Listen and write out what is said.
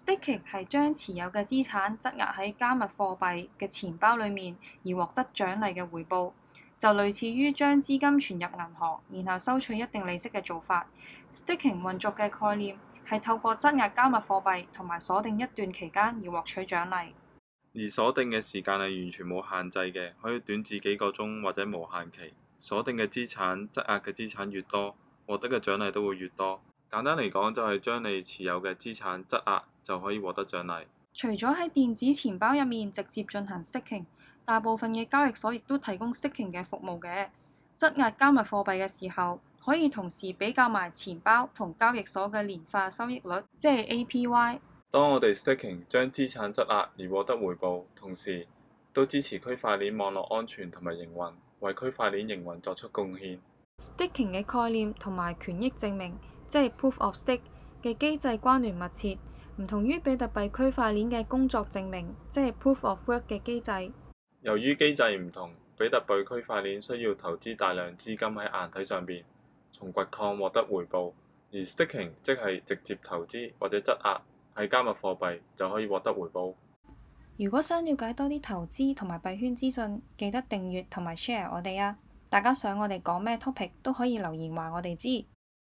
Staking 係將持有嘅資產質押喺加密貨幣嘅錢包裏面，而獲得獎勵嘅回報，就類似於將資金存入銀行，然後收取一定利息嘅做法。Staking 運作嘅概念係透過質押加密貨幣同埋鎖定一段期間而獲取獎勵，而鎖定嘅時間係完全冇限制嘅，可以短至幾個鐘或者無限期。鎖定嘅資產質押嘅資產越多，獲得嘅獎勵都會越多。簡單嚟講，就係將你持有嘅資產質押，就可以獲得獎勵。除咗喺電子錢包入面直接進行 staking，大部分嘅交易所亦都提供 staking 嘅服務嘅。質押加密貨幣嘅時候，可以同時比較埋錢包同交易所嘅年化收益率，即係 APY。當我哋 staking 將資產質押而獲得回報，同時都支持區塊鏈網絡安全同埋營運，為區塊鏈營運作出貢獻。staking 嘅概念同埋權益證明，即係 proof of stake 嘅機制關聯密切。唔同於比特幣區塊鏈嘅工作證明，即係 proof of work 嘅機制。由於機制唔同，比特幣區塊鏈需要投資大量資金喺硬體上邊，從掘礦獲得回報；而 staking 即係直接投資或者質押，係加密貨幣就可以獲得回報。如果想了解多啲投資同埋幣圈資訊，記得訂閱同埋 share 我哋啊！大家想我哋講咩 topic 都可以留言話我哋知。